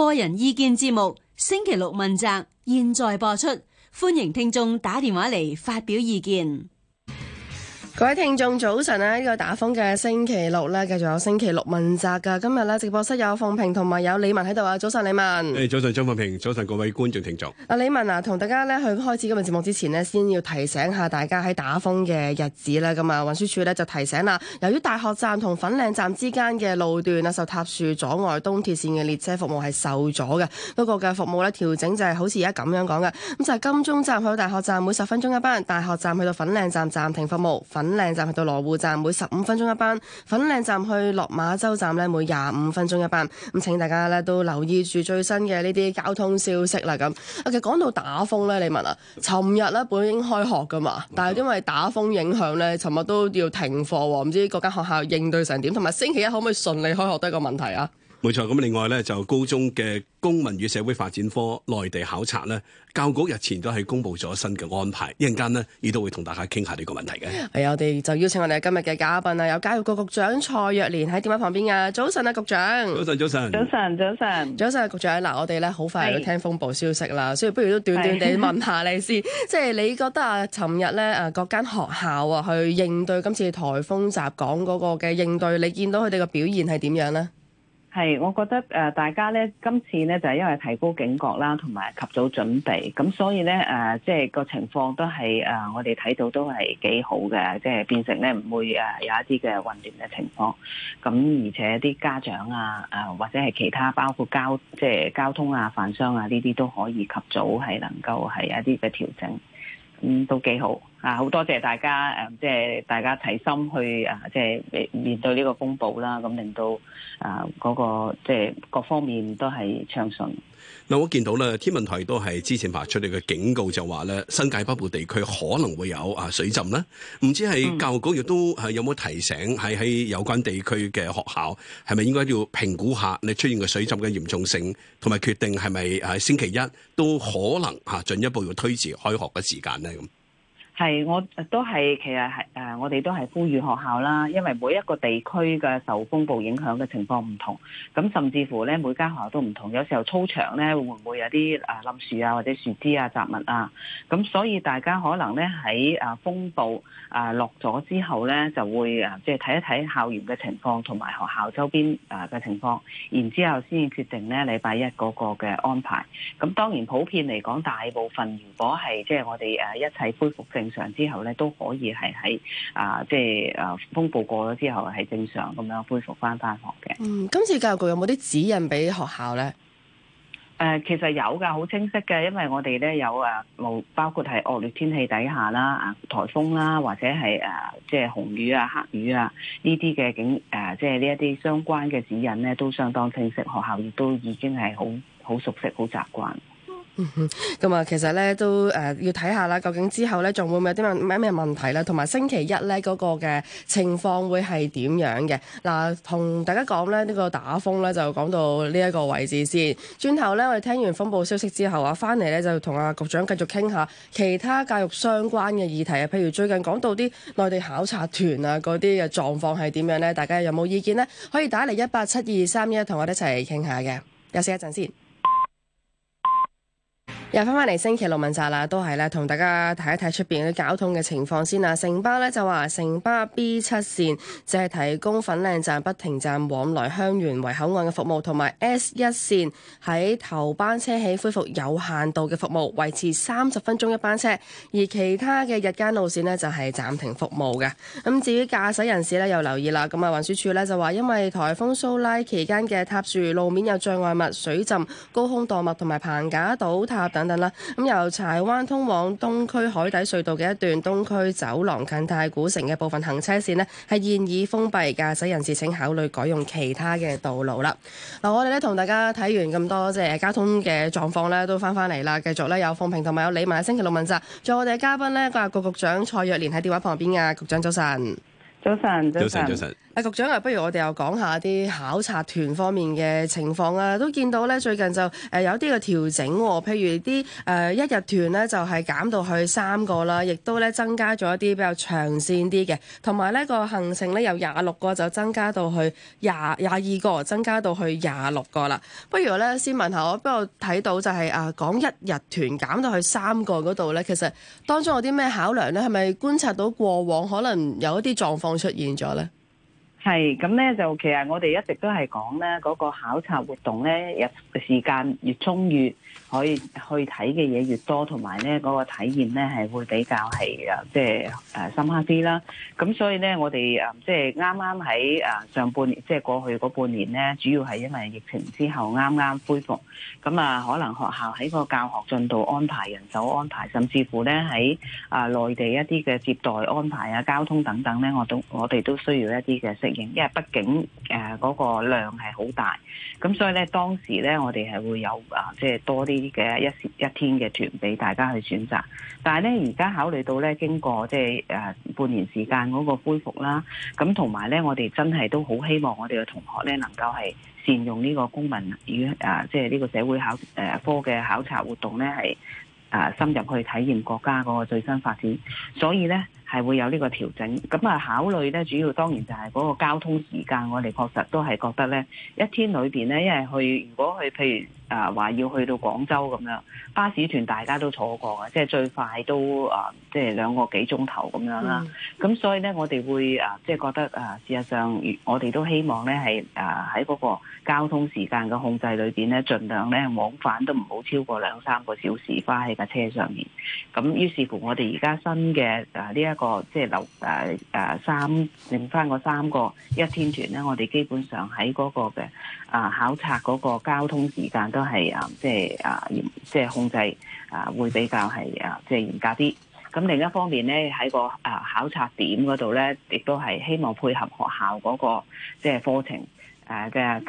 個人意見節目，星期六問責，現在播出，歡迎聽眾打電話嚟發表意見。各位聽眾早晨啊！呢、這個打風嘅星期六呢，繼續有星期六問責㗎。今日呢，直播室有鳳平同埋有李文喺度啊。早晨，李文。誒，早晨張鳳平，早晨各位觀眾聽眾。啊，李文啊，同大家呢去開始今日節目之前呢，先要提醒下大家喺打風嘅日子啦。咁、嗯、啊，運輸署呢就提醒啦，由於大學站同粉嶺站之間嘅路段啊受塌樹阻礙，東鐵線嘅列車服務係受阻嘅。不過嘅服務呢，調整就係好似而家咁樣講嘅。咁就係、是、金鐘站去到大學站每十分鐘一班，大學站去到粉嶺站暫停服務，粉嶺站去到羅湖站每十五分鐘一班，粉嶺站去落馬洲站咧每廿五分鐘一班，咁請大家咧都留意住最新嘅呢啲交通消息啦。咁其實講到打風咧，你問啊，尋日咧本應開學噶嘛，但係因為打風影響咧，尋日都要停課，唔知嗰間學校應對成點，同埋星期一可唔可以順利開學都係一個問題啊。冇錯，咁另外咧就高中嘅公民與社會發展科內地考察咧，教局日前都係公布咗新嘅安排。一陣間咧，亦都會同大家傾下呢個問題嘅。係，我哋就邀請我哋今日嘅嘉賓啊，有教育局局長蔡若蓮喺電話旁邊啊。早晨啊，局長。早晨，早晨。早晨，早晨。早晨啊，局長嗱，我哋咧好快要聽風暴消息啦，所以不如都短短地問下你先，即係你覺得啊，尋日咧啊各間學校啊去應對今次颱風襲港嗰個嘅應對，你見到佢哋嘅表現係點樣咧？係，我覺得誒，大家咧今次咧就係因為提高警覺啦，同埋及，及早準備，咁所以咧誒、呃，即係個情況都係誒、呃，我哋睇到都係幾好嘅，即係變成咧唔會誒有一啲嘅混亂嘅情況。咁而且啲家長啊，誒或者係其他包括交即係交通啊、飯商啊呢啲都可以及早係能夠係一啲嘅調整，咁，嗯，都幾好。啊！好多謝大家誒，即係大家齊心去啊，即係面面對呢個風暴啦，咁令到啊嗰個即係各方面都係暢順。嗱，我見到咧，天文台都係之前發出嚟嘅警告，就話咧新界北部地區可能會有啊水浸咧。唔知係教育局亦都係有冇提醒喺喺有關地區嘅學校，係咪應該要評估下你出現嘅水浸嘅嚴重性，同埋決定係咪喺星期一都可能吓進一步要推遲開學嘅時間咧咁。係，我都係其實係誒、呃，我哋都係呼籲學校啦，因為每一個地區嘅受風暴影響嘅情況唔同，咁甚至乎咧每間學校都唔同，有時候操場咧會唔會有啲誒冧樹啊或者樹枝啊雜物啊，咁所以大家可能咧喺誒風暴誒、啊、落咗之後咧就會誒即係睇一睇校園嘅情況同埋學校周邊誒嘅情況，然之後先至決定咧禮拜一嗰個嘅安排。咁當然普遍嚟講，大部分如果係即係我哋誒、啊、一切恢復正。正常之後咧都可以係喺啊，即係啊，風暴過咗之後係正常咁樣恢復翻翻學嘅。嗯，今次教育局有冇啲指引俾學校咧？誒、呃，其實有噶，好清晰嘅，因為我哋咧有誒，冇包括係惡劣天氣底下啦，啊台風啦，或者係誒即係紅雨啊、黑雨啊呢啲嘅警誒，即係呢一啲相關嘅指引咧，都相當清晰，學校亦都已經係好好熟悉、好習慣。咁啊、嗯，其實咧都誒、呃、要睇下啦，究竟之後咧仲會唔會有啲咩咩咩問題咧？同埋星期一咧嗰、那個嘅情況會係點樣嘅？嗱、啊，同大家講咧呢、這個打風咧就講到呢一個位置先。轉頭咧，我哋聽完風暴消息之後啊，翻嚟咧就同阿局長繼續傾下其他教育相關嘅議題啊。譬如最近講到啲內地考察團啊嗰啲嘅狀況係點樣咧？大家有冇意見呢？可以打嚟一八七二三一，同我哋一齊傾下嘅。休息一陣先。又翻返嚟星期六問責啦，都係咧同大家睇一睇出邊嗰啲交通嘅情況先啦。城巴呢就話，城巴 B 七線只係提供粉嶺站不停站往來香園圍口岸嘅服務，同埋 S 一線喺頭班車起恢復有限度嘅服務，維持三十分鐘一班車。而其他嘅日間路線呢，就係暫停服務嘅。咁至於駕駛人士呢，又留意啦。咁啊運輸署呢就話，因為颱風蘇拉期間嘅塌樹、路面有障礙物、水浸、高空墮物同埋棚架倒塌。等等啦，咁、嗯、由柴灣通往東區海底隧道嘅一段東區走廊近太古城嘅部分行車線咧，係現已封閉，駕駛人士請考慮改用其他嘅道路啦。嗱、嗯，我哋咧同大家睇完咁多即係交通嘅狀況咧，都翻翻嚟啦，繼續咧有風評，同埋有李文星期六問責。仲有我哋嘅嘉賓呢，教育局局長蔡若蓮喺電話旁邊啊，局長早晨，早晨，早晨，早晨。局長啊，不如我哋又講下啲考察團方面嘅情況啊。都見到咧，最近就誒、呃、有啲嘅調整、哦，譬如啲誒、呃、一日團咧就係、是、減到去三個啦，亦都咧增加咗一啲比較長線啲嘅，同埋咧個行程咧由廿六個就增加到去廿廿二個，增加到去廿六個啦。不如咧先問下我，不過睇到就係、是、啊，講一日團減到去三個嗰度咧，其實當中有啲咩考量咧？係咪觀察到過往可能有一啲狀況出現咗咧？係，咁咧就其實我哋一直都係講咧嗰個考察活動咧，日時間越充裕，可以去睇嘅嘢越多，同埋咧嗰個體驗咧係會比較係、即係、啊即係誒深刻啲啦。咁所以咧我哋誒即係啱啱喺誒上半年，即係過去嗰半年咧，主要係因為疫情之後啱啱恢復，咁啊可能學校喺個教學進度安排、人手安排，甚至乎咧喺啊內地一啲嘅接待安排啊、交通等等咧，我都我哋都需要一啲嘅。.因為畢竟誒嗰、呃那個量係好大，咁所以咧當時咧我哋係會有啊，即、呃、係、就是、多啲嘅一時一天嘅團俾大家去選擇。但係咧而家考慮到咧經過即係誒半年時間嗰個恢復啦，咁同埋咧我哋真係都好希望我哋嘅同學咧能夠係善用呢個公民與啊即係呢個社會考誒、呃、科嘅考察活動咧係啊深入去體驗國家嗰個最新發展，所以咧。係會有呢個調整，咁啊考慮呢主要當然就係嗰個交通時間，我哋確實都係覺得呢一天裏邊呢，因為去如果去譬如啊話要去到廣州咁樣，巴士團大家都坐過啊，即係最快都啊、呃、即係兩個幾鐘頭咁樣啦。咁、嗯、所以呢，我哋會啊即係覺得啊、呃，事實上，我哋都希望呢係啊喺嗰個交通時間嘅控制裏邊咧，盡量咧往返都唔好超過兩三個小時，花喺架車上面。咁於是乎我、這個，我哋而家新嘅啊呢一個即係留誒誒三剩翻個三個一天團咧，我哋基本上喺嗰個嘅啊考察嗰個交通時間都係啊即係啊嚴即係控制啊會比較係啊即係嚴格啲。咁另一方面咧喺個啊考察點嗰度咧，亦都係希望配合學校嗰、那個即係課程，誒嘅誒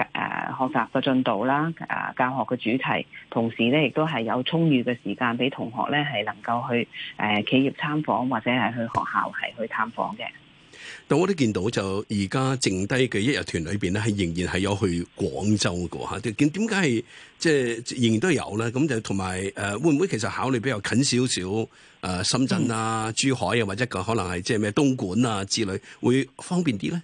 學習嘅進度啦，誒、呃、教學嘅主題，同時咧亦都係有充裕嘅時間俾同學咧係能夠去誒、呃、企業參訪，或者係去學校係去探訪嘅。但我都見到就而家剩低嘅一日團裏邊咧，係仍然係有去廣州個嚇，點點解係即係仍然都有咧？咁就同埋誒會唔會其實考慮比較近少少誒深圳啊、珠海啊，或者個可能係即係咩東莞啊之類，會方便啲咧？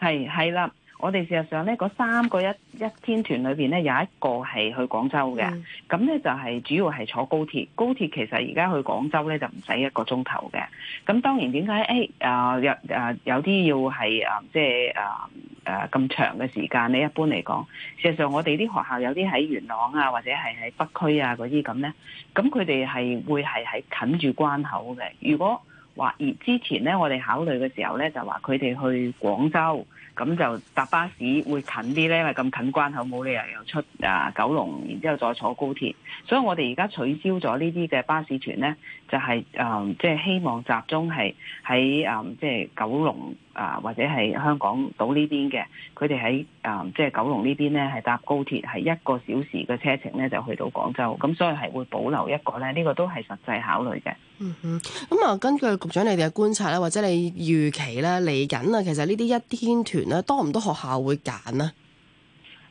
係係啦。我哋事實上咧，嗰三個一一天團裏邊咧，有一個係去廣州嘅。咁咧、嗯、就係主要係坐高鐵，高鐵其實而家去廣州咧就唔使一個鐘頭嘅。咁當然點解？誒、哎、啊、呃呃呃、有啊有啲要係啊即係啊誒咁長嘅時間咧。一般嚟講，事實上我哋啲學校有啲喺元朗啊，或者係喺北區啊嗰啲咁咧，咁佢哋係會係喺近住關口嘅。如果話而之前咧，我哋考慮嘅時候咧，就話佢哋去廣州。咁就搭巴士會近啲咧，因為咁近關口，冇理由又出啊九龍，然之後再坐高鐵。所以我哋而家取消咗呢啲嘅巴士團咧，就係、係、誒，即、呃、係、就係、希望集中係喺誒，即係、呃就係、九龍。啊，或者係香港島呢邊嘅，佢哋喺啊，即係九龍呢邊咧，係搭高鐵，係一個小時嘅車程咧，就去到廣州。咁所以係會保留一個咧，呢個都係實際考慮嘅。嗯哼，咁、嗯、啊，根據局長你哋嘅觀察咧，或者你預期咧嚟緊啊，其實呢啲一天團咧，多唔多學校會揀呢？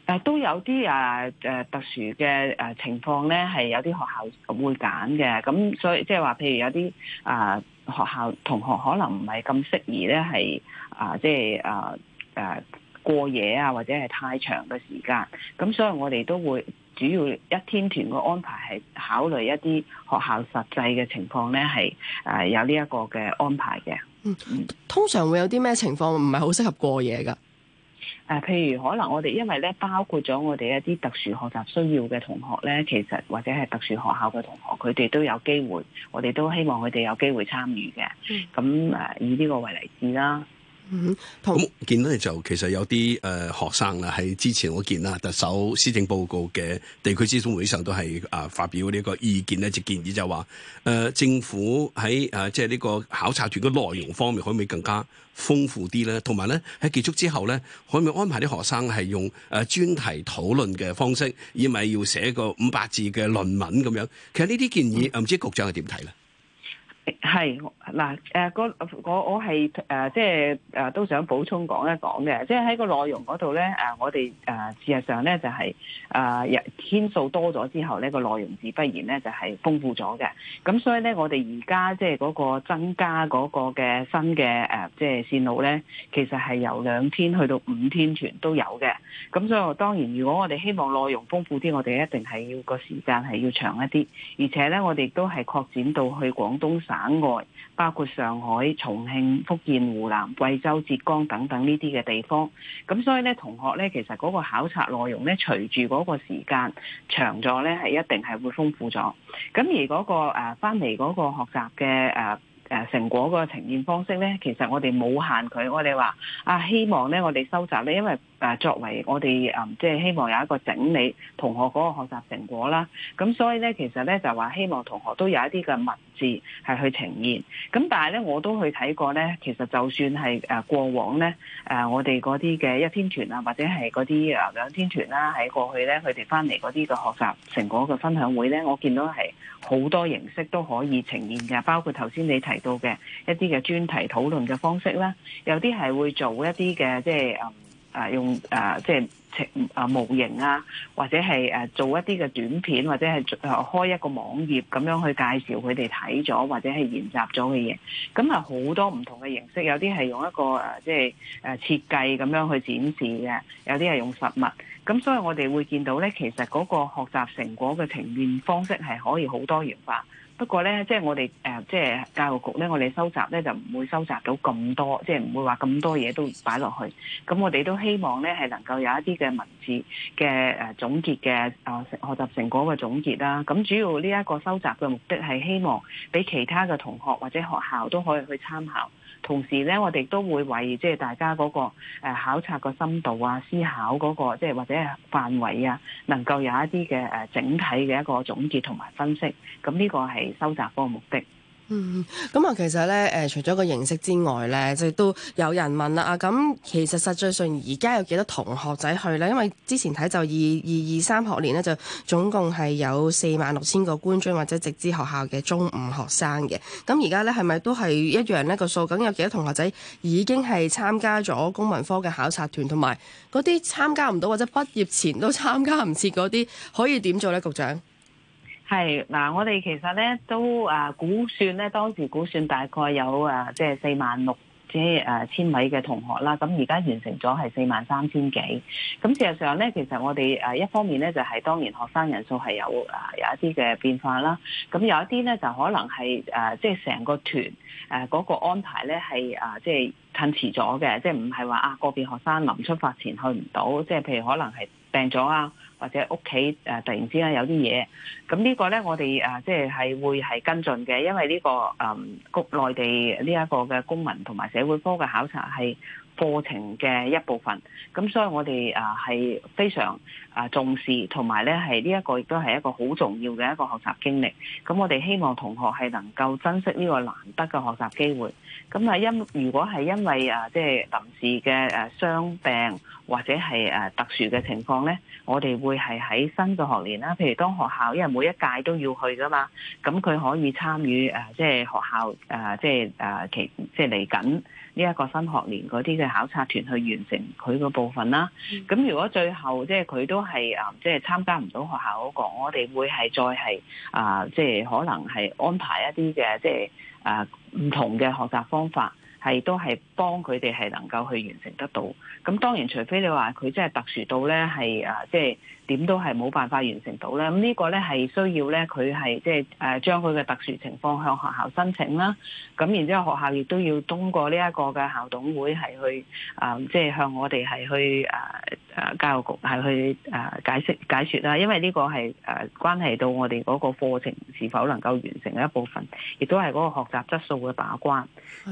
誒、呃，都有啲啊誒特殊嘅誒、呃、情況咧，係有啲學校會揀嘅。咁所以即係話，譬如有啲啊。呃學校同學可能唔係咁適宜咧，係啊、呃，即係啊，誒、呃呃，過夜啊，或者係太長嘅時間。咁所以我哋都會主要一天團嘅安排係考慮一啲學校實際嘅情況咧，係、呃、誒有呢一個嘅安排嘅。嗯，通常會有啲咩情況唔係好適合過夜㗎？誒、啊，譬如可能我哋因為咧，包括咗我哋一啲特殊學習需要嘅同學咧，其實或者係特殊學校嘅同、同學，佢哋都有機會，我哋都希望佢哋有機會參與嘅。咁誒、啊，以呢個為例子啦。咁、嗯、見到就其實有啲誒、呃、學生啦，喺之前我見啦，特首施政報告嘅地區諮詢會議上都係啊、呃、發表呢個意見呢，就建議就話誒、呃、政府喺誒即係呢個考察團嘅內容方面，可唔可以更加豐富啲咧？同埋咧喺結束之後咧，可唔可以安排啲學生係用誒專題討論嘅方式，而唔係要寫個五百字嘅論文咁樣？其實呢啲建議，唔、嗯、知局長係點睇咧？係嗱，誒，我我係誒，即係誒，都想補充講一講嘅，即係喺個內容嗰度咧，啊，我哋誒、啊啊啊啊、事實上咧就係、是、誒、啊、天數多咗之後咧、個內容自不然咧就係豐富咗嘅，咁所以咧我哋而家即係嗰個增加嗰個嘅新嘅誒、啊、即係線路咧，其實係由兩天去到五天團都有嘅，咁所以當然如果我哋希望內容豐富啲，我哋一定係要個時間係要長一啲，而且咧我哋都係擴展到去廣東。省外包括上海、重慶、福建、湖南、貴州、浙江等等呢啲嘅地方，咁所以咧，同學咧，其實嗰個考察內容咧，隨住嗰個時間長咗咧，係一定係會豐富咗。咁而嗰個誒翻嚟嗰個學習嘅誒，呃誒成果個呈現方式咧，其實我哋冇限佢，我哋話啊希望咧，我哋收集咧，因為誒、啊、作為我哋誒即係希望有一個整理同學嗰個學習成果啦。咁所以咧，其實咧就話希望同學都有一啲嘅文字係去呈現。咁但係咧，我都去睇過咧，其實就算係誒過往咧誒、啊、我哋嗰啲嘅一天團啊，或者係嗰啲誒兩天團啦，喺過去咧佢哋翻嚟嗰啲嘅學習成果嘅分享會咧，我見到係好多形式都可以呈現嘅，包括頭先你提到嘅一啲嘅專題討論嘅方式啦，有啲係會做一啲嘅即係誒誒用誒即係誒模型啊，或者係誒做一啲嘅短片，或者係開一個網頁咁樣去介紹佢哋睇咗或者係研習咗嘅嘢。咁啊好多唔同嘅形式，有啲係用一個誒即係誒設計咁樣去展示嘅，有啲係用實物，咁所以我哋會見到咧，其實嗰個學習成果嘅呈現方式係可以好多元化。不過咧，即係我哋誒、呃，即係教育局咧，我哋收集咧就唔會收集到咁多，即係唔會話咁多嘢都擺落去。咁我哋都希望咧係能夠有一啲嘅文字嘅誒總結嘅啊、呃、學習成果嘅總結啦。咁主要呢一個收集嘅目的係希望俾其他嘅同學或者學校都可以去參考。同時咧，我哋都會為即係大家嗰個誒考察個深度啊、思考嗰、那個即係、就是、或者係範圍啊，能夠有一啲嘅誒整體嘅一個總結同埋分析，咁呢個係收集嗰個目的。嗯，咁、嗯、啊，其實咧，誒、呃，除咗個形式之外咧，即係都有人問啦，啊，咁其實實際上而家有幾多同學仔去咧？因為之前睇就二二二三學年咧，就總共係有四萬六千個官津或者直資學校嘅中五學生嘅。咁而家咧係咪都係一樣呢、呢個數？咁有幾多同學仔已經係參加咗公民科嘅考察團，同埋嗰啲參加唔到或者畢業前都參加唔切嗰啲，可以點做咧，局長？係嗱、啊，我哋其實咧都啊估算咧，當時估算大概有啊即係四萬六，即係千位嘅同學啦。咁而家完成咗係四萬三千幾。咁、啊、事實上咧，其實我哋啊一方面咧就係、係、當然學生人數係有啊有一啲嘅變化啦。咁、啊、有一啲咧就可能係啊即係成個團誒嗰個安排咧係啊即係褪遲咗嘅，即係唔係話啊，啊個別學生臨出發前去唔到，即係譬如可能係病咗啊。或者屋企誒突然之間有啲嘢，咁呢個呢，我哋誒、啊、即係係會係跟進嘅，因為呢、呢個誒、嗯、國內地呢一個嘅公民同埋社會科嘅考察係課程嘅一部分，咁所以我哋誒係非常誒重視，同埋呢係呢一個亦都係一個好重要嘅一個學習經歷，咁我哋希望同學係能夠珍惜呢個難得嘅學習機會。咁、就是、啊，因如果係因為啊，即係臨時嘅誒傷病或者係誒特殊嘅情況咧，我哋會係喺新嘅學年啦。譬如當學校，因為每一屆都要去㗎嘛，咁佢可以參與誒、啊就是啊就是啊啊啊，即係學校誒，即係誒其即係嚟緊呢一個新學年嗰啲嘅考察團去完成佢個部分啦。咁、嗯、如果最後即係佢都係啊，即、嗯、係、就是、參加唔到學校嗰、那個，我哋會係再係啊，即、就、係、是、可能係安排一啲嘅即係。就是啊，唔同嘅學習方法係都係幫佢哋係能夠去完成得到。咁當然，除非你話佢真係特殊到呢，係啊即係。點都係冇辦法完成到咧，咁呢個咧係需要咧佢係即係誒將佢嘅特殊情況向學校申請啦，咁然之後學校亦都要通過呢一個嘅校董會係去誒即係向我哋係去誒誒教育局係去誒解釋解説啦，因為呢個係誒關係到我哋嗰個課程是否能夠完成嘅一部分，亦都係嗰個學習質素嘅把關，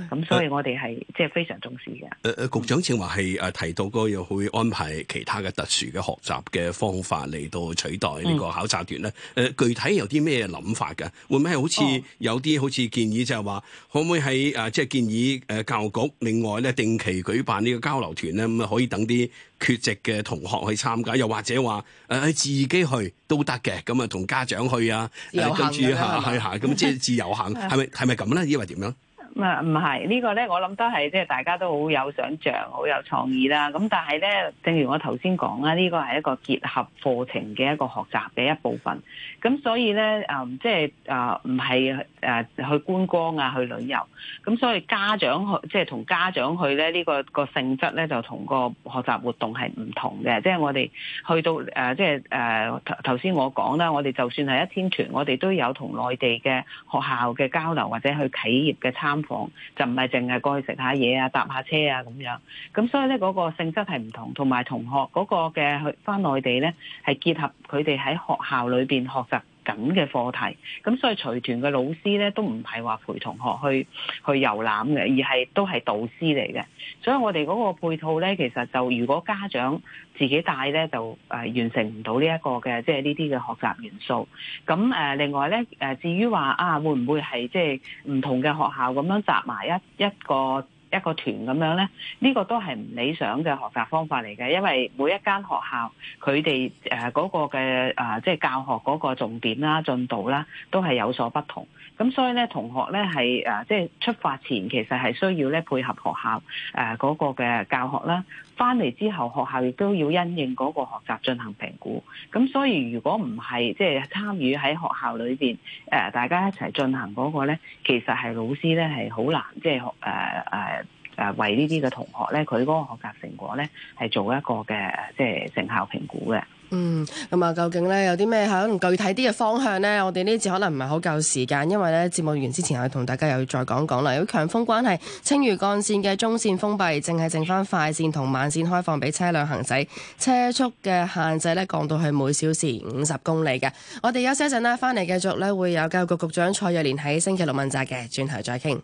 咁是所以我哋係即係非常重視嘅。誒誒、啊啊，局長正話係誒提到過要會安排其他嘅特殊嘅學習嘅方法。法嚟到取代呢個考察團咧？誒、嗯呃，具體有啲咩諗法嘅？會唔會係好似有啲好似建議就係話，哦、可唔可以喺誒即係建議誒教育局另外咧定期舉辦呢個交流團咧？咁啊可以等啲缺席嘅同學去參加，又或者話誒、呃、自己去都得嘅。咁啊同家長去啊，跟住行行咁即係自由行，係咪係咪咁咧？以為點樣？唔唔係呢個咧，我諗都係即係大家都好有想像、好有創意啦。咁但係咧，正如我頭先講啦，呢、這個係一個結合課程嘅一個學習嘅一部分。咁所以咧，誒、嗯、即係誒唔係誒去觀光啊，去旅遊。咁所以家長去即係同家長去咧，呢、這個個性質咧就同個學習活動係唔同嘅。即係我哋去到誒、呃、即係誒頭頭先我講啦，我哋就算係一天團，我哋都有同內地嘅學校嘅交流，或者去企業嘅參。房就唔係淨係過去食下嘢啊、搭下車啊咁樣，咁所以咧嗰個性質係唔同，同埋同學嗰個嘅去翻內地咧係結合佢哋喺學校裏邊學習。 咁嘅課題，咁所以隨團嘅老師咧都唔係話陪同學去去遊覽嘅，而係都係導師嚟嘅。所以我哋嗰個配套咧，其實就如果家長自己帶咧，就誒、呃、完成唔到呢一個嘅即係呢啲嘅學習元素。咁誒、呃，另外咧誒，至於話啊，會唔會係即係唔同嘅學校咁樣集埋一一個？一個團咁樣咧，呢個都係唔理想嘅學習方法嚟嘅，因為每一間學校佢哋誒嗰個嘅啊，即係教學嗰個重點啦、進度啦，都係有所不同。咁所以咧，同學咧係誒，即係出發前其實係需要咧配合學校誒嗰個嘅教學啦。翻嚟之後，學校亦都要因應嗰個學習進行評估。咁所以，如果唔係即係參與喺學校裏邊，誒、呃、大家一齊進行嗰個咧，其實係老師咧係好難即係學誒誒誒為呢啲嘅同學咧，佢嗰個學習成果咧係做一個嘅即係成效評估嘅。嗯，咁啊，究竟咧有啲咩可能具體啲嘅方向呢？我哋呢次可能唔係好夠時間，因為咧節目完之前我同大家又要再講講啦。由於強風關係，青嶼幹線嘅中線封閉，淨係剩翻快線同慢線開放俾車輛行駛，車速嘅限制咧降到去每小時五十公里嘅。我哋休息一陣啦，翻嚟繼續咧會有教育局局長蔡若蓮喺星期六問責嘅，轉頭再傾。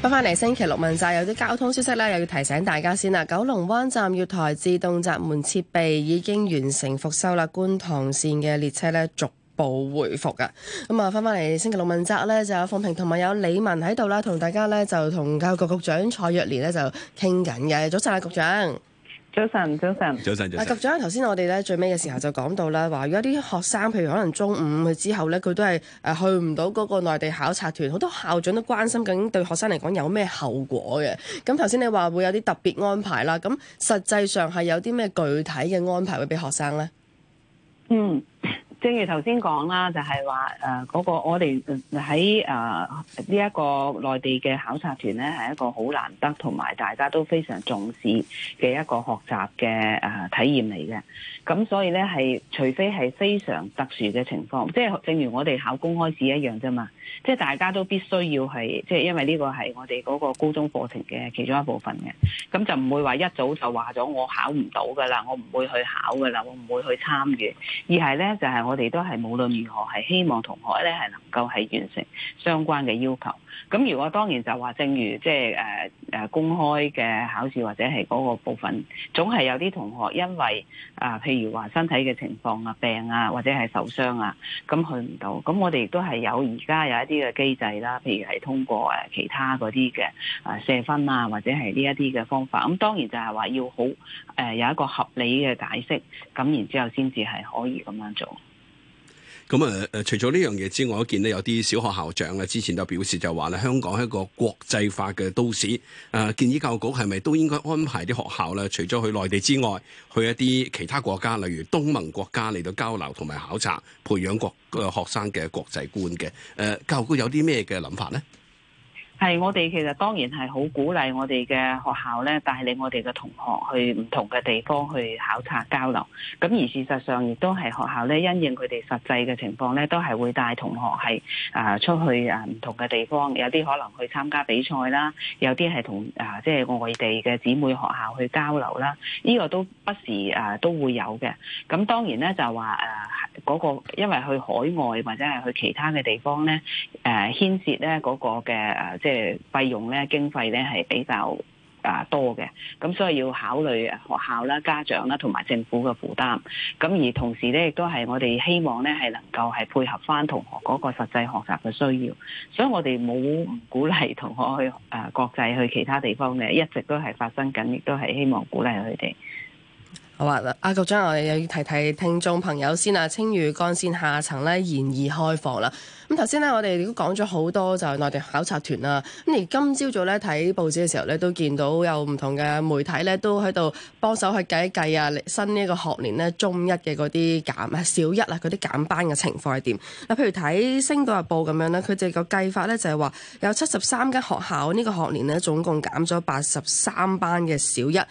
翻返嚟星期六問責，有啲交通消息啦，又要提醒大家先啦。九龍灣站月台自動閘門設備已經完成復修啦，觀塘綫嘅列車咧逐步恢復嘅。咁啊，翻返嚟星期六問責咧，就有鳳萍同埋有李文喺度啦，同大家咧就同教育局局長蔡若蓮咧就傾緊嘅。早晨啊，局長。早晨，早晨。早晨，早晨。嗱、啊，局長，頭先我哋咧最尾嘅時候就講到啦，話而家啲學生，譬如可能中午去之後咧，佢都係誒去唔到嗰個內地考察團，好多校長都關心緊對學生嚟講有咩後果嘅。咁頭先你話會有啲特別安排啦，咁實際上係有啲咩具體嘅安排會俾學生咧？嗯。正如頭先講啦，就係話誒嗰個我哋喺誒呢一個內地嘅考察團咧，係一個好難得同埋大家都非常重視嘅一個學習嘅誒體驗嚟嘅。咁所以咧係除非係非常特殊嘅情況，即係正如我哋考公開試一樣啫嘛。即係大家都必須要係即係因為呢個係我哋嗰個高中課程嘅其中一部分嘅。咁就唔會話一早就話咗我考唔到㗎喇，我唔會去考㗎喇，我唔會去參與。而係咧就係。我哋都係無論如何係希望同學咧係能夠係完成相關嘅要求。咁如果當然就話，正如即係誒誒公開嘅考試或者係嗰個部分，總係有啲同學因為啊、呃，譬如話身體嘅情況啊、病啊或者係受傷啊，咁去唔到。咁我哋亦都係有而家有一啲嘅機制啦，譬如係通過誒其他嗰啲嘅啊射分啊或者係呢一啲嘅方法。咁當然就係話要好誒、呃、有一個合理嘅解釋，咁然之後先至係可以咁樣做。咁啊，誒、嗯、除咗呢樣嘢之外，我都見到有啲小學校長咧之前都表示就話咧，香港係一個國際化嘅都市。誒、啊，建議教育局係咪都應該安排啲學校咧，除咗去內地之外，去一啲其他國家，例如東盟國家嚟到交流同埋考察，培養國嘅、呃、學生嘅國際觀嘅。誒、啊，教育局有啲咩嘅諗法咧？係，我哋其實當然係好鼓勵我哋嘅學校咧，帶領我哋嘅同學去唔同嘅地方去考察交流。咁而事實上，亦都係學校咧，因應佢哋實際嘅情況咧，都係會帶同學係啊、呃、出去啊唔同嘅地方，有啲可能去參加比賽啦，有啲係同啊即係外地嘅姊妹學校去交流啦。呢、這個都不時啊、呃、都會有嘅。咁當然咧就話啊嗰個，因為去海外或者係去其他嘅地方咧，誒、呃、牽涉咧嗰、那個嘅誒、呃即費用咧，經費咧係比較啊多嘅，咁所以要考慮學校啦、家長啦同埋政府嘅負擔，咁而同時咧亦都係我哋希望咧係能夠係配合翻同學嗰個實際學習嘅需要，所以我哋冇鼓勵同學去誒國際去其他地方嘅，一直都係發生緊，亦都係希望鼓勵佢哋。好啊！阿局長，我哋又要提提聽眾朋友先啦、啊。青嶼幹線下層咧，現已開放啦。咁頭先咧，我哋都講咗好多就係內地考察團啦、啊。咁而今朝早咧睇報紙嘅時候咧，都見到有唔同嘅媒體咧都喺度幫手去計一計啊，新呢一個學年咧中一嘅嗰啲減啊小一啊嗰啲減班嘅情況係點？嗱、啊，譬如睇《星島日報》咁樣咧，佢哋個計法咧就係、是、話有七十三間學校呢個學年咧總共減咗八十三班嘅小一。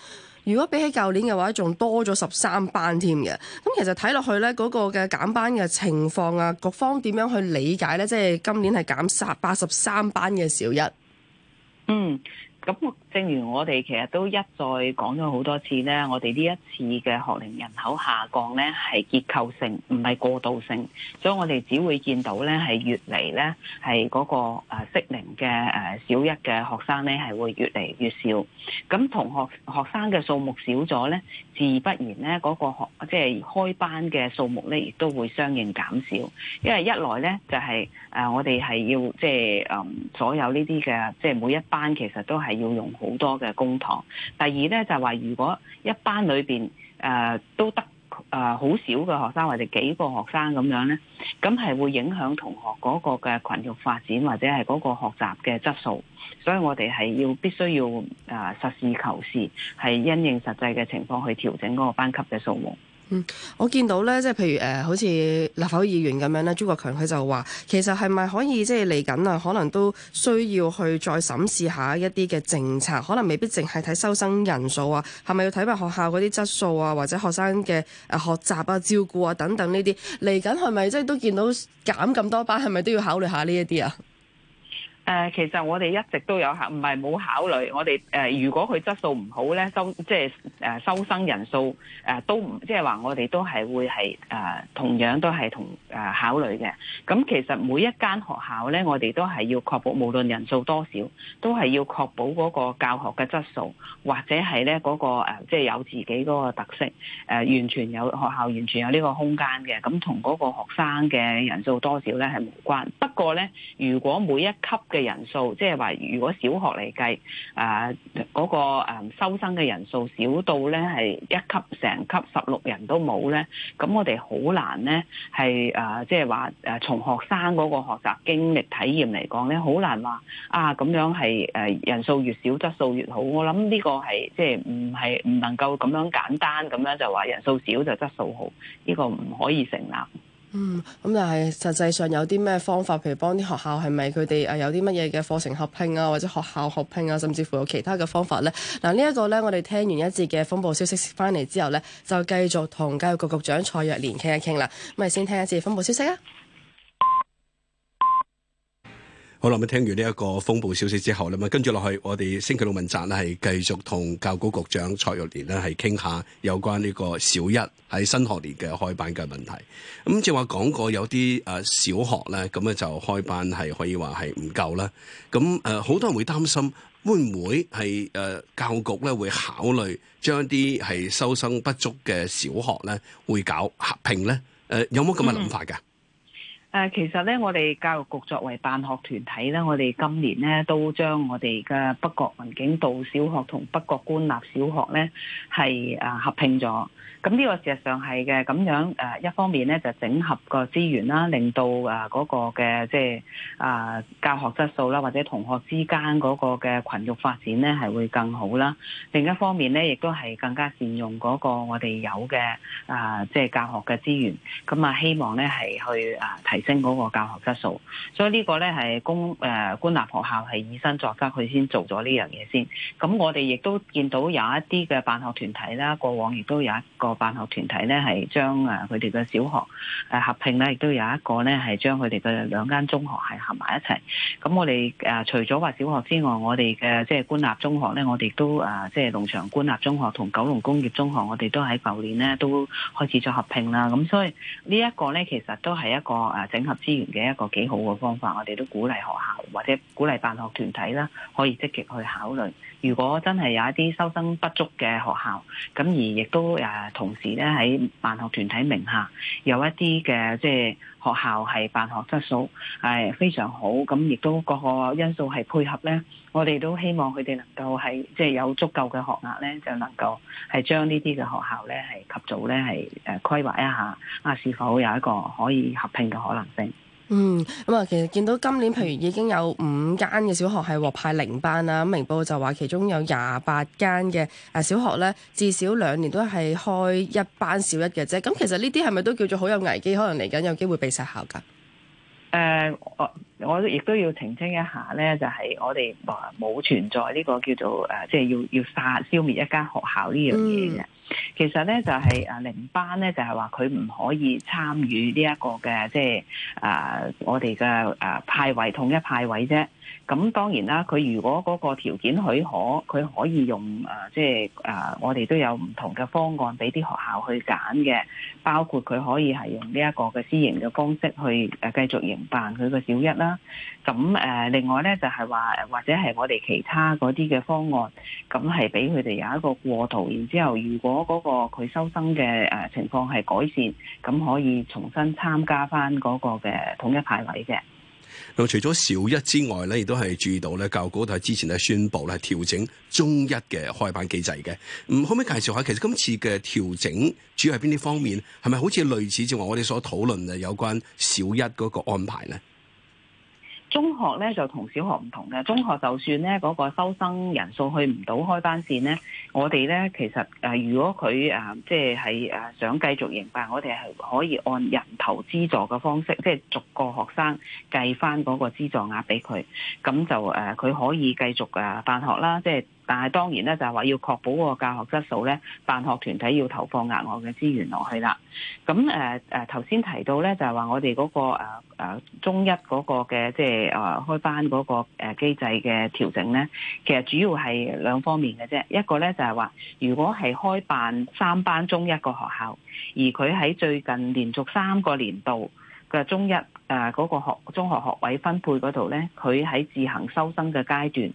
如果比起舊年嘅話，仲多咗十三班添嘅。咁其實睇落去呢，嗰、那個嘅減班嘅情況啊，局方點樣去理解呢？即係今年係減殺八十三班嘅小一。嗯。咁正如我哋其實都一再講咗好多次咧，我哋呢一次嘅學齡人口下降咧，係結構性，唔係過渡性，所以我哋只會見到咧係越嚟咧係嗰個誒適齡嘅誒小一嘅學生咧係會越嚟越少。咁同學學生嘅數目少咗咧，自不然咧嗰、那個學即係開班嘅數目咧亦都會相應減少。因為一來咧就係、是、誒、啊、我哋係要即係誒所有呢啲嘅即係每一班其實都係。.要用好多嘅公堂。第二咧就係話，如果一班裏邊誒、呃、都得誒好少嘅學生或者幾個學生咁樣咧，咁係會影響同學嗰個嘅群育發展或者係嗰個學習嘅質素。所以我哋係要必須要誒、呃、實事求是，係因應實際嘅情況去調整嗰個班級嘅數目。嗯，我見到咧，即係譬如誒、呃，好似立法會議員咁樣咧，朱國強佢就話，其實係咪可以即係嚟緊啊？可能都需要去再審視下一啲嘅政策，可能未必淨係睇收生人數啊，係咪要睇埋學校嗰啲質素啊，或者學生嘅誒學習啊、照顧啊等等呢啲，嚟緊係咪即係都見到減咁多班，係咪都要考慮下呢一啲啊？誒，其實我哋一直都有考，唔係冇考慮。我哋誒、呃，如果佢質素唔好咧，收即係誒收生人數誒、呃、都唔即係話，就是、我哋都係會係誒、呃、同樣都係同誒、呃、考慮嘅。咁其實每一間學校咧，我哋都係要確保，無論人數多少，都係要確保嗰個教學嘅質素，或者係咧嗰個即係、呃就是、有自己嗰個特色。誒、呃、完全有學校完全有呢個空間嘅，咁同嗰個學生嘅人數多少咧係無關。不過咧，如果每一級嘅嘅人數，即係話如果小學嚟計，啊、呃嗰個誒、呃、收生嘅人數少到咧係一級成級十六人都冇咧，咁我哋好難咧係誒即係話誒從學生嗰個學習經歷體驗嚟講咧，好難話啊咁樣係誒、呃、人數越少，質素越好。我諗呢個係即係唔係唔能夠咁樣簡單咁樣就話人數少就質素好，呢、呢個唔可以成立。嗯，咁但係實際上有啲咩方法，譬如幫啲學校係咪佢哋誒有啲乜嘢嘅課程合拼啊，或者學校合拼啊，甚至乎有其他嘅方法呢？嗱，呢一個呢，我哋聽完一節嘅風暴消息翻嚟之後呢，就繼續同教育局局長蔡若蓮傾一傾啦。咁咪先聽一節風暴消息啊！好啦，咁聽完呢一個風暴消息之後咧，咁跟住落去，我哋星期六問責咧，係繼續同教育局局長蔡若蓮咧係傾下有關呢個小一喺新學年嘅開班嘅問題。咁即係話講過有啲誒小學咧，咁咧就開班係可以話係唔夠啦。咁誒，好，呃、多人會擔心會唔會係誒、呃、教育局咧會考慮將啲係收生不足嘅小學咧會搞合併咧？誒、呃，有冇咁嘅諗法嘅？嗯誒，其實咧，我哋教育局作為辦學團體咧，我哋今年咧都將我哋嘅北角文景道小學同北角官立小學咧係誒合併咗。咁呢個事實上係嘅，咁樣誒一方面咧就整合個資源啦，令到誒嗰個嘅即係啊教學質素啦，或者同學之間嗰個嘅群育發展咧係會更好啦。另一方面咧，亦都係更加善用嗰個我哋有嘅啊即係教學嘅資源，咁、嗯、啊希望咧係去啊提升嗰個教學質素。所以呢個咧係公誒官立學校係以身作則，佢先做咗呢樣嘢先。咁、嗯、我哋亦都見到有一啲嘅辦學團體啦，過往亦都有一個。個辦學團體咧係將啊佢哋嘅小學誒合併咧，亦都有一個咧係將佢哋嘅兩間中學係合埋一齊。咁我哋啊除咗話小學之外，我哋嘅即係官立中學咧，我哋都啊即係龍翔官立中學同九龍工業中學，我哋都喺舊年咧都開始咗合併啦。咁所以呢一個咧，其實都係一個誒整合資源嘅一個幾好嘅方法。我哋都鼓勵學校或者鼓勵辦學團體啦，可以積極去考慮。如果真係有一啲收生不足嘅學校，咁而亦都誒同時咧喺辦學團體名下有一啲嘅即係學校係辦學質素係非常好，咁亦都各個因素係配合咧，我哋都希望佢哋能夠係即係有足夠嘅學額咧，就能夠係將呢啲嘅學校咧係及早咧係誒規劃一下，啊是否有一個可以合併嘅可能性？嗯，咁啊，其實見到今年譬如已經有五間嘅小學係獲派零班啦，咁明報就話其中有廿八間嘅誒小學咧，至少兩年都係開一班小一嘅啫。咁其實呢啲係咪都叫做好有危機？可能嚟緊有機會被殺校噶？誒、呃，我我亦都要澄清一下咧，就係、是、我哋冇存在呢個叫做誒、呃，即係要要殺消滅一間學校呢樣嘢嘅。嗯其實咧，就係誒零班，咧，就係話佢唔可以參與呢一個嘅即係誒我哋嘅誒派位統一派位啫。咁當然啦，佢如果嗰個條件許可，佢可以用誒，即係誒，我哋都有唔同嘅方案俾啲學校去揀嘅，包括佢可以係用呢一個嘅私營嘅方式去誒繼續營辦佢個小一啦。咁誒、呃，另外咧就係、係、話或者係我哋其他嗰啲嘅方案，咁係俾佢哋有一個過渡。然之後，如果嗰個佢收生嘅誒情況係改善，咁可以重新參加翻嗰個嘅統一派位嘅。咁除咗小一之外咧，亦都係注意到咧，教育局喺之前咧宣布咧調整中一嘅開班機制嘅。可唔可以介紹下，其實今次嘅調整主要係邊啲方面？係咪好似類似正話我哋所討論嘅有關小一嗰個安排咧？中學咧就同小學唔同嘅，中學就算咧嗰、那個收生人數去唔到開班線咧，我哋咧其實誒、呃，如果佢誒、呃、即係係誒想繼續營辦，我哋係可以按人頭資助嘅方式，即係逐個學生計返嗰個資助額俾佢，咁就誒佢、呃、可以繼續誒辦學啦，即係。但係當然咧，就係話要確保個教學質素咧，辦學團體要投放額外嘅資源落去啦。咁誒誒，頭、呃、先提到咧、那個，就係話我哋嗰個誒中一嗰個嘅即係誒、呃、開班嗰個誒機制嘅調整咧，其實主要係兩方面嘅啫。一個咧就係話，如果係開辦三班中一嘅學校，而佢喺最近連續三個年度，嘅中一誒嗰、那個學中學學位分配嗰度咧，佢喺自行收生嘅階段，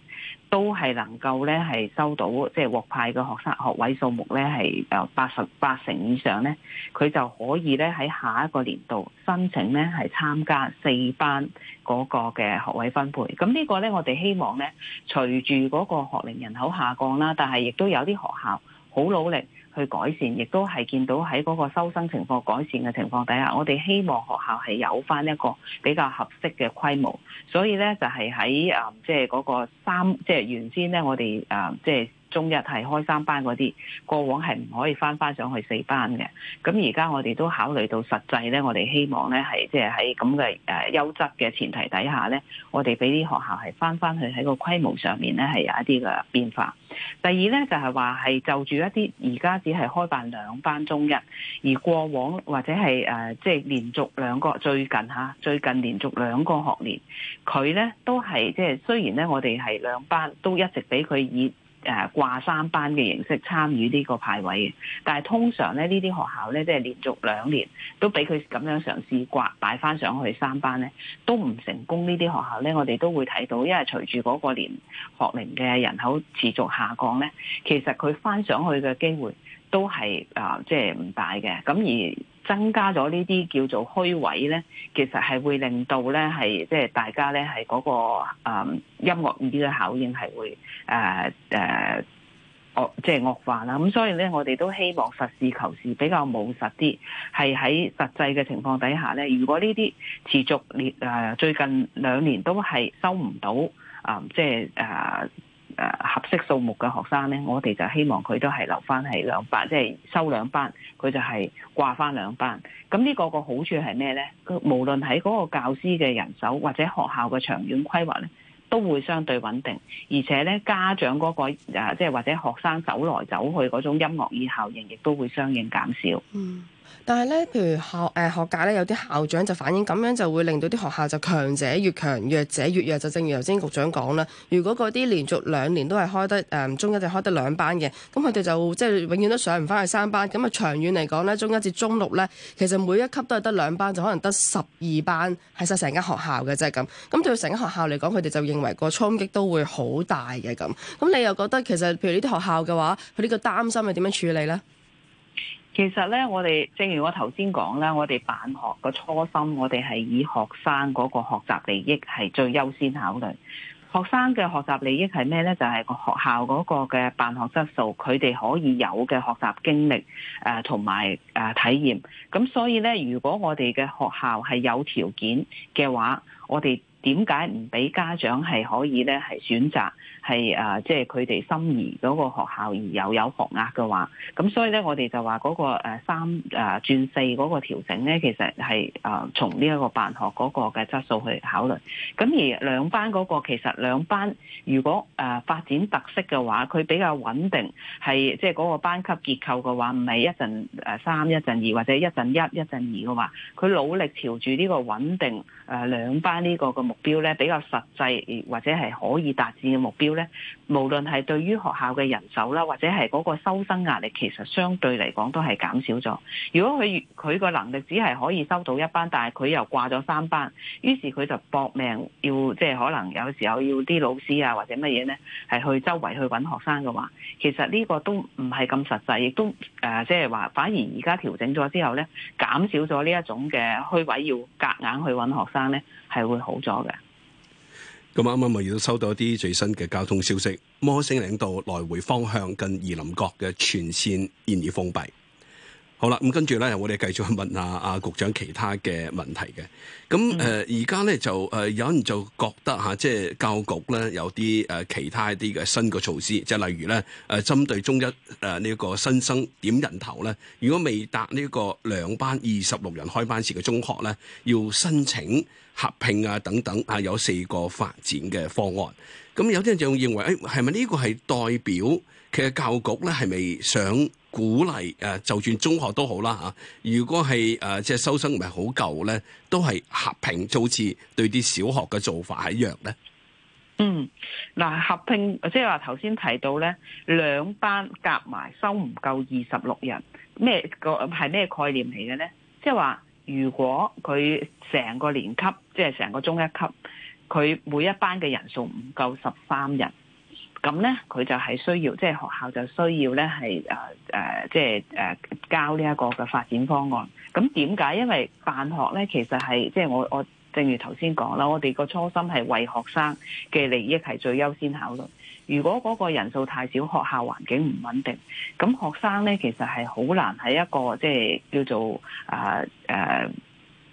都係能夠咧係收到，即、就、係、是、獲派嘅學生學位數目咧係誒八十八成以上咧，佢就可以咧喺下一個年度申請咧係參加四班嗰個嘅學位分配。咁呢個咧，我哋希望咧，隨住嗰個學齡人口下降啦，但係亦都有啲學校好努力，去改善，亦都係見到喺嗰個收生情況改善嘅情況底下，我哋希望學校係有翻一個比較合適嘅規模，所以咧就係喺誒即係嗰個三，即係原先咧我哋誒即係。呃就係中一係開三班嗰啲，過往係唔可以返返上去四班嘅。咁而家我哋都考慮到實際咧，我哋希望咧係即係喺咁嘅誒優質嘅前提底下咧，我哋俾啲學校係返返去喺個規模上面咧係有一啲嘅變化。第二咧就係話係就住一啲而家只係開辦兩班中一，而過往或者係誒即係連續兩個最近吓最近連續兩個學年，佢咧都係即係雖然咧我哋係兩班都一直俾佢以。誒掛、呃、三班嘅形式參與呢個派位嘅，但係通常咧呢啲學校咧，即、就、係、是、連續兩年都俾佢咁樣嘗試掛擺翻上去三班咧，都唔成功。呢啲學校咧，我哋都會睇到，因為隨住嗰個年學齡嘅人口持續下降咧，其實佢翻上去嘅機會都係啊，即係唔大嘅。咁而增加咗呢啲叫做虛位咧，其實係會令到咧，係即係大家咧，係嗰個、嗯、音樂語啲嘅考驗係會誒誒惡即係惡化啦。咁所以咧，我哋都希望實事求是，比較務實啲，係喺實際嘅情況底下咧，如果呢啲持續連誒、呃、最近兩年都係收唔到啊，即係誒。就是呃誒，合適數目嘅學生咧，我哋就希望佢都係留翻係兩班，即係收兩班，佢就係掛翻兩班。咁呢個個好處係咩咧？無論喺嗰個教師嘅人手或者學校嘅長遠規劃咧，都會相對穩定，而且咧，家長嗰個啊，即係或者學生走來走去嗰種音樂椅效應，亦都會相應減少。嗯。但係咧，譬如學誒、呃、學界咧，有啲校長就反映，咁樣就會令到啲學校就強者越強，弱者越弱。就正如頭先局長講啦，如果嗰啲連續兩年都係開得誒、呃、中一就開得兩班嘅，咁佢哋就即係永遠都上唔翻去三班。咁啊，長遠嚟講咧，中一至中六咧，其實每一級都係得兩班，就可能得十二班，係晒成間學校嘅啫咁。咁對成間學校嚟講，佢哋就認為個衝擊都會好大嘅咁。咁你又覺得其實譬如呢啲學校嘅話，佢呢個擔心係點樣處理咧？其實咧，我哋正如我頭先講啦，我哋辦學個初心，我哋係以學生嗰個學習利益係最優先考慮。學生嘅學習利益係咩咧？就係、係、個學校嗰個嘅辦學質素，佢哋可以有嘅學習經歷，誒同埋誒體驗。咁所以咧，如果我哋嘅學校係有條件嘅話，我哋點解唔俾家長係可以咧係選擇？係啊，即係佢哋心儀嗰個學校而又有學額嘅話，咁所以咧，我哋就話嗰個三誒、啊、轉四嗰個調整咧，其實係誒、啊、從呢一個辦學嗰個嘅質素去考慮。咁而兩班嗰、嗰個其實兩班如果誒、啊、發展特色嘅話，佢比較穩定，係即係嗰個班級結構嘅話，唔係一陣誒三一陣二或者一陣一一陣二嘅話，佢努力朝住呢個穩定誒、啊、兩班呢個嘅目標咧，比較實際或者係可以達至嘅目標。咧，無論係對於學校嘅人手啦，或者係嗰個收生壓力，其實相對嚟講都係減少咗。如果佢佢個能力只係可以收到一班，但係佢又掛咗三班，於是佢就搏命要，即係可能有時候要啲老師啊或者乜嘢咧，係去周圍去搵學生嘅話，其實呢個都唔係咁實際，亦都誒，即係話反而而家調整咗之後咧，減少咗呢一種嘅虛位要夾硬去搵學生咧，係會好咗嘅。咁啱啱咪亦都收到一啲最新嘅交通消息，摩星嶺道來回方向近怡林閣嘅全線現已封閉。好啦，咁跟住咧，我哋繼續問下阿、啊、局長其他嘅問題嘅。咁誒，而家咧就誒、呃，有人就覺得吓、啊，即係教育局咧有啲誒、呃、其他一啲嘅新嘅措施，即係例如咧誒、呃，針對中一誒呢、呃這個新生點人頭咧，如果未達呢個兩班二十六人開班時嘅中學咧，要申請合併啊等等啊，有四個發展嘅方案。咁有啲人就認為，誒係咪呢個係代表其實教育局咧係咪想？鼓勵誒，就算中學都好啦嚇。如果係誒，即係收生唔係好夠咧，都係合併好似對啲小學嘅做法一樣咧。嗯，嗱，合併即係話頭先提到咧，兩班夾埋收唔夠二十六人，咩個係咩概念嚟嘅咧？即係話，如果佢成個年級，即係成個中一級，佢每一班嘅人數唔夠十三人。咁咧，佢就係需要，即係學校就需要咧，係誒誒，即係誒交呢一個嘅發展方案。咁點解？因為辦學咧，其實係即係我我正如頭先講啦，我哋個初心係為學生嘅利益係最優先考慮。如果嗰個人數太少，學校環境唔穩定，咁學生咧其實係好難喺一個即係、就是、叫做誒誒，呃呃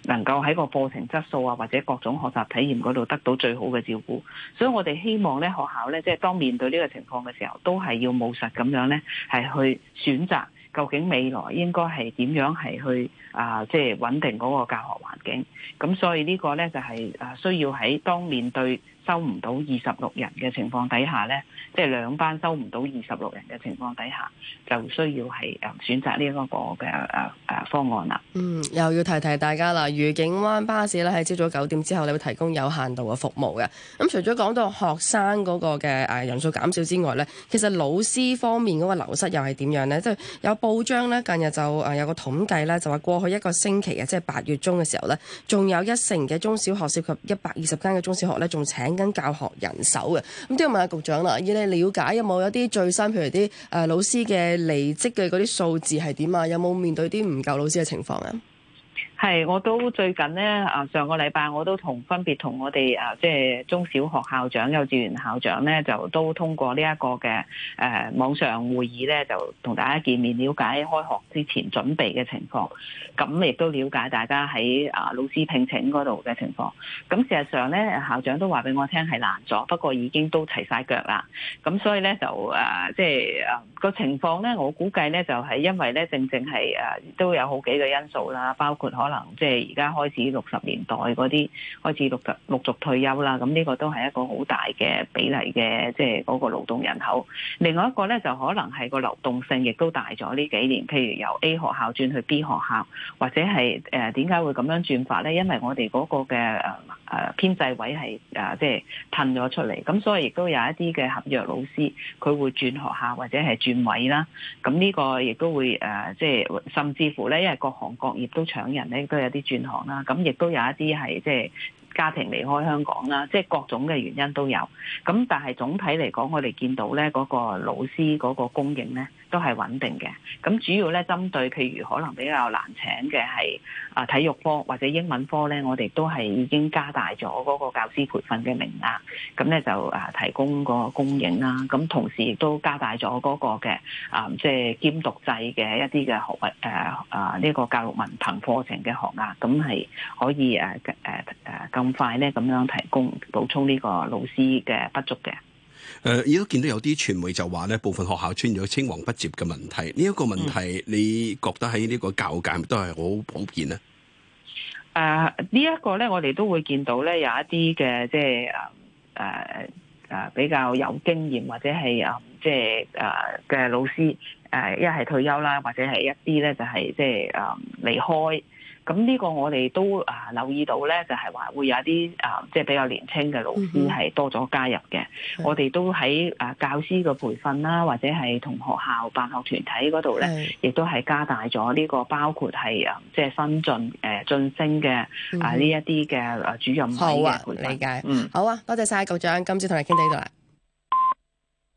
能夠喺個課程質素啊，或者各種學習體驗嗰度得到最好嘅照顧，所以我哋希望咧學校咧，即係當面對呢個情況嘅時候，都係要務實咁樣咧，係去選擇究竟未來應該係點樣係去啊，即係穩定嗰個教學環境。咁所以呢個咧就係啊，需要喺當面對。收唔到二十六人嘅情況底下呢，即係兩班收唔到二十六人嘅情況底下，就需要係誒選擇呢一個嘅誒誒方案啦。嗯，又要提提大家啦，愉景灣巴士咧喺朝早九點之後，你會提供有限度嘅服務嘅。咁、嗯、除咗講到學生嗰個嘅誒人數減少之外呢，其實老師方面嗰個流失又係點樣呢？即係有報章呢，近日就誒有個統計咧，就話過去一個星期嘅，即係八月中嘅時候呢，仲有一成嘅中小學涉及一百二十間嘅中小學呢，仲請緊教學人手嘅，咁都要問下局長啦。以你了解有冇一啲最新，譬如啲誒老師嘅離職嘅嗰啲數字係點啊？有冇面對啲唔夠老師嘅情況啊？係，我都最近咧啊，上個禮拜我都同分別同我哋啊，即係中小學校長、幼稚園校長咧，就都通過呢一個嘅誒網上會議咧，就同大家見面，了解開學之前準備嘅情況。咁亦都了解大家喺啊老師聘請嗰度嘅情況。咁事實上咧，校長都話俾我聽係難咗，不過已經都齊晒腳啦。咁所以咧就誒，即係啊個情況咧，我估計咧就係因為咧，正正係誒都有好幾個因素啦，包括可能。可能即係而家開始六十年代嗰啲開始陸陸續退休啦，咁呢個都係一個好大嘅比例嘅，即係嗰個勞動人口。另外一個呢，就可能係個流動性亦都大咗呢幾年。譬如由 A 學校轉去 B 學校，或者係誒點解會咁樣轉法呢？因為我哋嗰個嘅誒誒編制位係誒即係褪咗出嚟，咁所以亦都有一啲嘅合約老師佢會轉學校或者係轉位啦。咁呢個亦都會誒即係甚至乎呢，因為各行各業都搶人呢。亦都有啲轉行啦，咁亦都有一啲係即係家庭離開香港啦，即係各種嘅原因都有。咁但係總體嚟講，我哋見到咧嗰個老師嗰個供應咧，都係穩定嘅，咁主要咧針對譬如可能比較難請嘅係啊體育科或者英文科咧，我哋都係已經加大咗嗰個教師培訓嘅名額，咁咧就啊提供個供應啦，咁同時亦都加大咗嗰個嘅啊即係兼讀制嘅一啲嘅學位啊呢、啊呢個教育文憑課程嘅學額，咁係可以誒誒誒咁快咧咁樣提供補充呢個老師嘅不足嘅。誒，而都、呃、見到有啲傳媒就話咧，部分學校，出現咗青黃不接嘅問題。呢、這、一個問題，你覺得喺呢個教界，都係好普遍咧？誒、呃，這個、呢一個咧，我哋都會見到咧，有一啲嘅即係誒誒誒，比較有經驗或者係誒即係誒嘅老師誒，一係退休啦，或者係、嗯呃呃、一啲咧就係、是、即係誒、嗯、離開。咁呢個我哋都啊、呃、留意到咧，就係、是、話會有一啲啊、呃，即係比較年輕嘅老師係多咗加入嘅。Mm hmm. 我哋都喺啊、呃、教師嘅培訓啦，或者係同學校辦學團體嗰度咧，亦、mm hmm. 都係加大咗呢個包括係啊、呃，即係新進誒、呃、晉升嘅啊呢一啲嘅啊主任嘅培訓好啊，理解。嗯，好啊，多謝晒，局長，今朝同你傾到呢度啦。